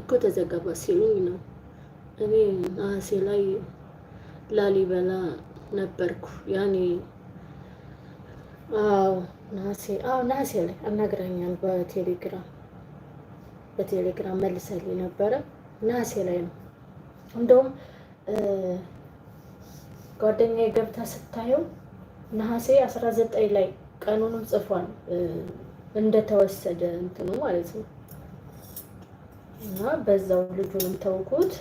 እኮ ተዘጋባ ሲሉኝ ነው። እኔ ነሐሴ ላይ ላሊበላ ነበርኩ ያኔ። አዎ ነሐሴ አዎ ነሐሴ ላይ አናግረኛል በቴሌግራም በቴሌግራም መልሰልኝ ነበረ። ነሐሴ ላይ ነው እንደውም ጓደኛ የገብታ ስታየው ነሐሴ ዘጠኝ ላይ ቀኑንም ጽፏል እንደተወሰደ እንትኑ ማለት ነው። እና በዛው ልጁንም ተውኩት።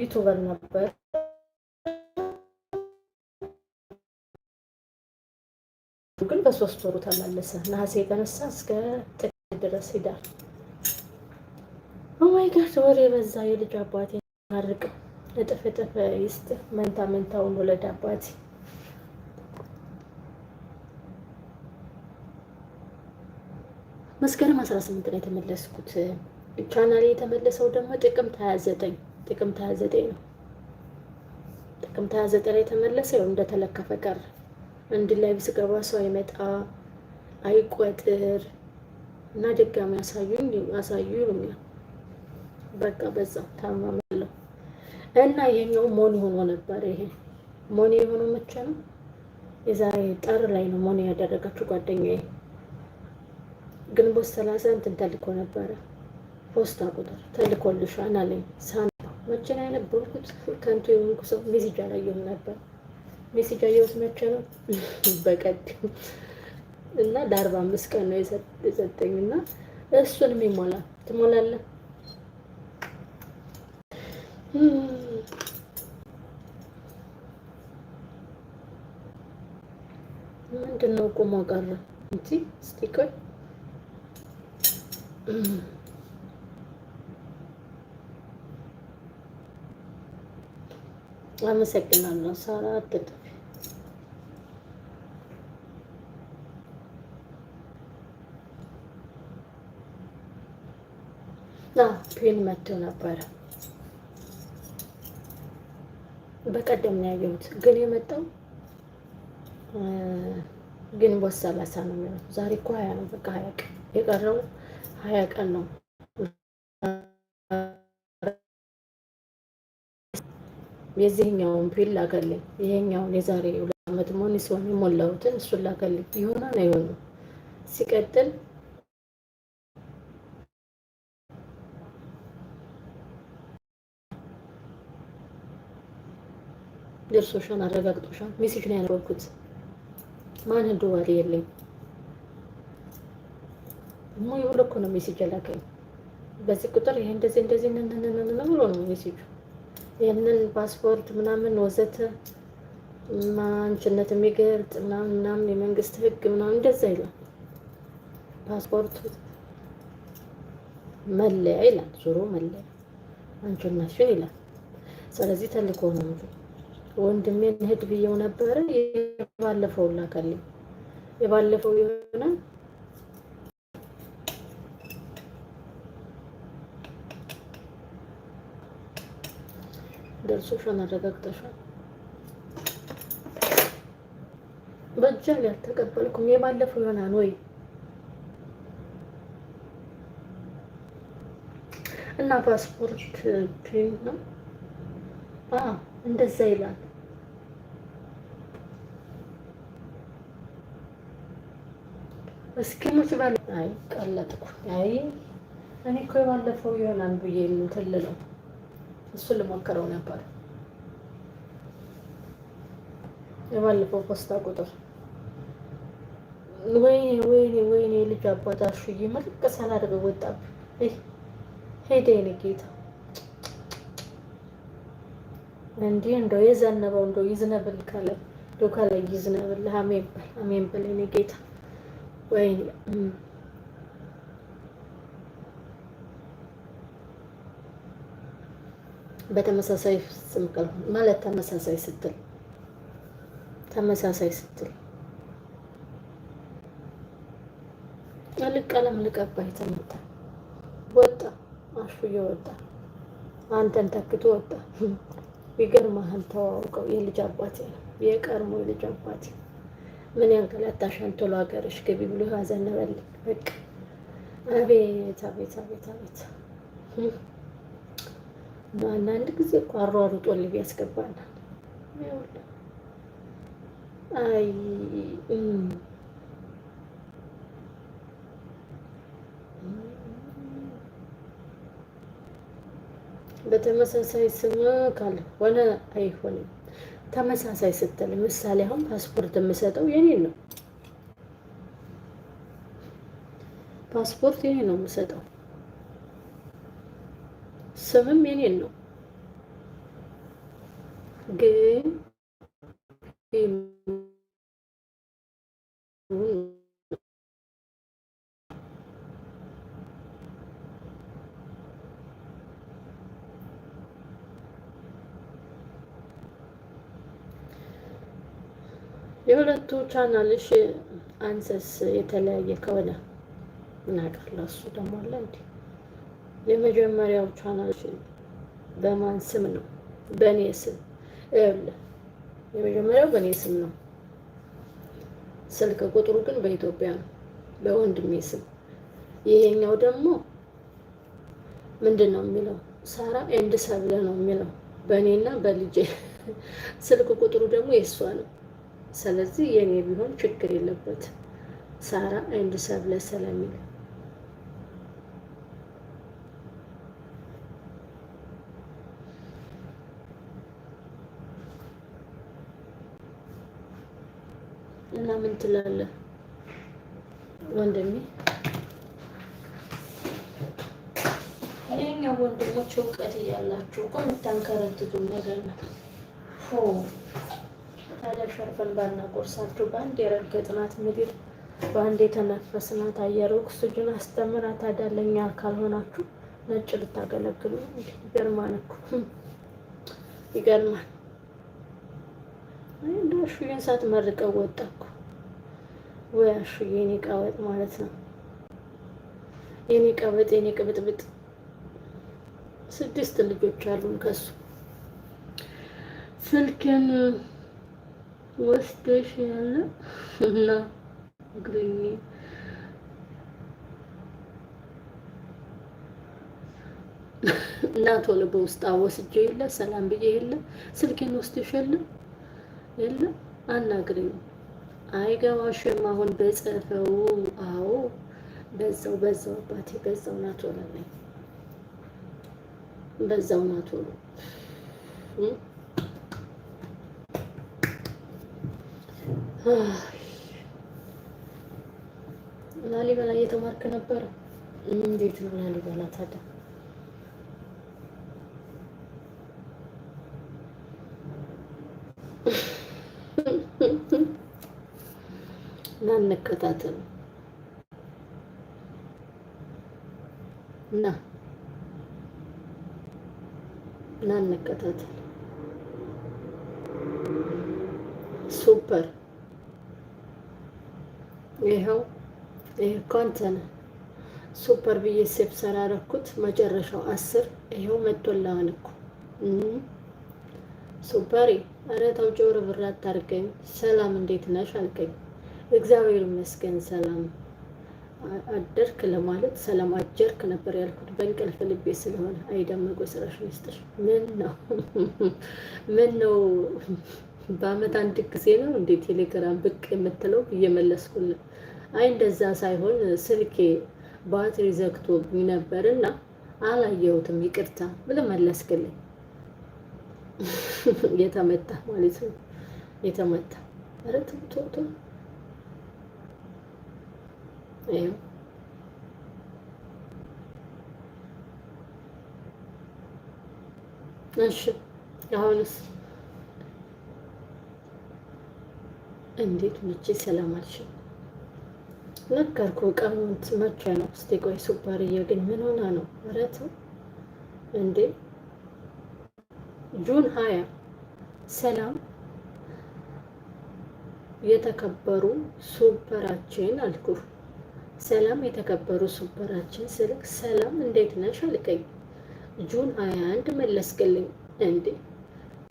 ዩቱበር ነበር ግን በሶስት ወሩ ተመለሰ። ነሐሴ የተነሳ እስከ ጥቅ ድረስ ሂዳል። ኦማይጋድ oh ወሬ በዛ። የልጅ አባቴ ማርቅ እጥፍ እጥፍ ይስጥ። መንታ መንታውን ወለድ አባቴ መስከረም ስምንት ነው የተመለስኩት። ቻናል የተመለሰው ደግሞ ጥቅምት 29 ጥቅምት 29 ነው። ጥቅምት 29 ላይ የተመለሰ ያው እንደተለከፈ ቀረ። አንድ ላይ ስገባ ሰው አይመጣ አይቆጥር እና ድጋሚ ያሳዩኝ ያሳዩ ይሉኛል። በቃ በዛ ታማመለው እና ይሄኛው ሞኒ ሆኖ ነበር። ይሄ ሞኒ የሆነው መቼ ነው? የዛሬ ጠር ላይ ነው ሞኒ ያደረጋችሁ ጓደኛዬ። ግንቦት ሰላሳ እንትን ተልኮ ነበረ ፖስታ ቁጥር ተልኮልሻል አለኝ። ሳንባ መቼን ያነበብኩት ከንቱ የሆንኩ ሰው ሜሴጅ አላየሁም ነበር። ሜሴጅ አየሁት መቼ ነው? በቀደም እና ለአርባ አምስት ቀን ነው የሰጠኝ እና እሱንም ይሞላ ትሞላለ ምንድን ነው ቁሞ ቀረ እንጂ ስቲከር አመሰግናለሁ። ሳራ አትጥፊ። ፔን መቶ ነበረ በቀደም ነው ያየሁት፣ ግን የመጣው ግንቦት ሰላሳ ነው የሚሆነው። ዛሬ እኮ ሀያ ነው፣ በቃ ሀያ ቀን የቀረው ሀያ ቀን ነው። የዚህኛውን ፒል ላከልኝ። ይሄኛውን የዛሬ ሁለት ዓመት መሆን ሲሆን የሞላሁትን እሱን ላከልኝ። ይሆና ነው የሆኑ ሲቀጥል ደርሶሻን አረጋግጦሻን ነው ያደረኩት። ማን ህዶ ባል የለኝ ሞ የብሎ ነው ሜሴጅ ያላከኝ። በዚህ ቁጥር ይሄ እንደዚህ እንደዚህ ብሎ ነው ሜሴጁ ይህንን ፓስፖርት ምናምን ወዘተ ማንችነት የሚገልጥ ምናምን ምናምን የመንግስት ህግ ምናምን እንደዛ ይላል። ፓስፖርቱ መለያ ይላል። ዞሮ መለያ አንችነትሽን ይላል። ስለዚህ ተልኮ ነው እንጂ ወንድሜን ሂድ ብየው ነበረ። የባለፈው ላከልኝ የባለፈው የሆነ ደርሶሻል፣ አረጋግጠሻል። በእጅም ያልተቀበልኩም የባለፈው ይሆናል ወይ እና ፓስፖርት ፒን ነው እንደዛ ይላል። እስኪ እስኪሞች ባለ አይ ቀለጥኩ። አይ እኔ እኮ የባለፈው ይሆናል ብዬ ነው ትልለው እሱን ልሞክረው ነበር። የባለፈው ፖስታ ቁጥር ወይኔ ወይኔ ወይኔ ልጅ አባት አሹዬ መልቀ ሳላደርግ ወጣብኝ። ሄደ የእኔ ጌታ እንዲህ እንደው የዘነበው እንደው ይዝነብል ካለ እንደው ካለ ይዝነብል። አሜን በል አሜን በል የእኔ ጌታ ወይኔ በተመሳሳይ ስም ማለት ተመሳሳይ ስትል ተመሳሳይ ስትል ቀለም ልቀባይ ተመታ ወጣ አሹዬ ወጣ አንተን ተክቶ ወጣ። ይገርማህል ተዋውቀው የልጅ አባቴ ነው የቀድሞ የልጅ አባቴ ምን ያንቀላታሻል ቶሎ ሀገርሽ ግቢ ብሎ ያዘነበል። በቃ አቤት አቤት አቤት አቤት አንዳንድ ጊዜ እኮ አሯሩጦልኝ ያስገባናል። በተመሳሳይ ስም ካልሆነ አይሆንም። ተመሳሳይ ስትል ምሳሌ አሁን ፓስፖርት የምሰጠው የኔን ነው። ፓስፖርት የኔ ነው የምሰጠው ስምም የኔን ነው ግን የሁለቱ ቻናልሽ አንሰስ የተለያየ ከሆነ ምን አውቃለሁ። እሱ ደግሞ አለ እንዴ? የመጀመሪያው ቻናልሽን በማን ስም ነው? በእኔ ስም የመጀመሪያው በእኔ ስም ነው። ስልክ ቁጥሩ ግን በኢትዮጵያ ነው፣ በወንድሜ ስም። ይሄኛው ደግሞ ምንድን ነው የሚለው? ሳራ ኤንድ ሰብለ ነው የሚለው በእኔና በልጄ። ስልክ ቁጥሩ ደግሞ የእሷ ነው። ስለዚህ የእኔ ቢሆን ችግር የለበት? ሳራ ኤንድ ሰብለ ስለሚል እና ምን ትላለህ ወንድሜ? የኛ ወንድሞች እውቀት እያላችሁ እኮ የምታንከረትቱ ነገር ነው። ሆ ታዲያ ሸርፈን ባና ባናጎርሳችሁ በአንድ የረገጥናት ምድር በአንድ የተነፈስናት አየር ኦክስጅን አስተምራ። ታዲያ ለእኛ ካልሆናችሁ ነጭ ልታገለግሉ ይገርማል እኮ ይገርማል። አሹዬን ሳትመርቀው መርቀው ወጣኩ ወይ አሹዬ የኔ ቃወጥ ማለት ነው። የኔ ቀበጥ የኔ ቅብጥብጥ ስድስት ልጆች አሉን ከሱ ስልኬን ወስደሽ ያለ እና እግሬ እና ቶሎ በውስጥ አወስጄ የለ ሰላም ብዬ የለ ስልኬን ወስደሽ የለ የለም አናግሪው። አይገባሽም አሁን በጽፈው አዎ በዛው በዛው አባቴ በዛው ናቶ ለለኝ በዛው ናቶ ላሊበላ እየተማርክ ነበረ? እንዴት ነው ላሊበላ ታዲያ? እንከታተሉ እና እና እንከታተሉ። ሱፐር ይኸው ይህ ኮንተን ሱፐር ብዬ ሴፍ ሰራረኩት። መጨረሻው አስር ይኸው መጥቶልሃል እኮ ሱፐሬ። ኧረ ተው ጆሮ ብር አታርገኝ። ሰላም እንዴት ነሽ አልከኝ። እግዚአብሔር ይመስገን ሰላም አደርክ ለማለት ሰላም አጀርክ ነበር ያልኩት በእንቅልፍ ልቤ ስለሆነ። አይዳመቆ ስራሽ ሚስጥር ምን ነው ምን ነው በአመት አንድ ጊዜ ነው እንዴ ቴሌግራም ብቅ የምትለው እየመለስኩልን። አይ እንደዛ ሳይሆን ስልኬ ባትሪ ዘግቶብኝ እና አላየሁትም ይቅርታ ብለህ መለስክልኝ። የተመታ ማለት ነው የተመታ ኧረ እሺ አሁንስ እንዴት መቼ ሰላም አልሽኝ? ነገርኩ። ቀኑን መቼ ነው? እስቲ ቆይ ምን ሆና ነው? ኧረ ተው እንዴ! ጁን ሀያ ሰላም የተከበሩ ሱበራችን አልኩ። ሰላም የተከበሩ ሱፐራችን ስልክ ሰላም እንዴት ነሽ አልከኝ። ጁን 21 መለስክልኝ እንዴ!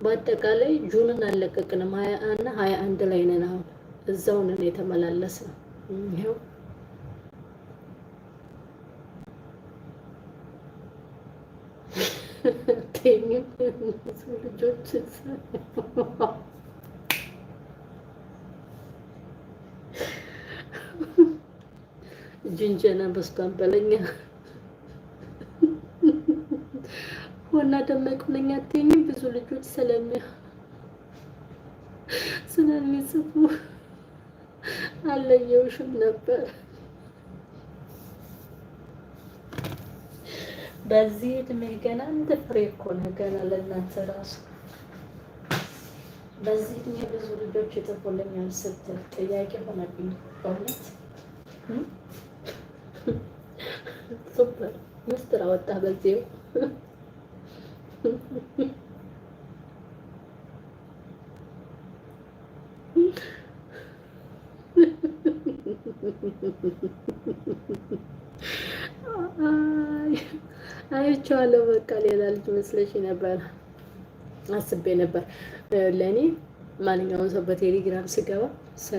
በአጠቃላይ ጁንን አለቀቅንም። 20 እና 21 ላይ ነን። አሁን እዛው ነን የተመላለስነው። ይኸው ቴኒ ልጆች ጅንጀና በስቷን በለኛ ዋና ደመቅ ብለኛ አትይኝም። ብዙ ልጆች ስለሚያ ስለሚጽፉ አለየውሽም ነበር። በዚህ እድሜ ገና እንደ ፍሬ እኮ ነው ገና ለእናንተ ራሱ በዚህ እድሜ ብዙ ልጆች ይጽፉልኛል ስትል ጥያቄ ሆነብኝ በእውነት ሱፐር ምስጥር አወጣ በዚሁ አይቼዋለሁ። በቃ ሌላ ልጅ መስለሽ ነበር አስቤ ነበር። ለእኔ ማንኛውም ሰው በቴሌግራም ስገባ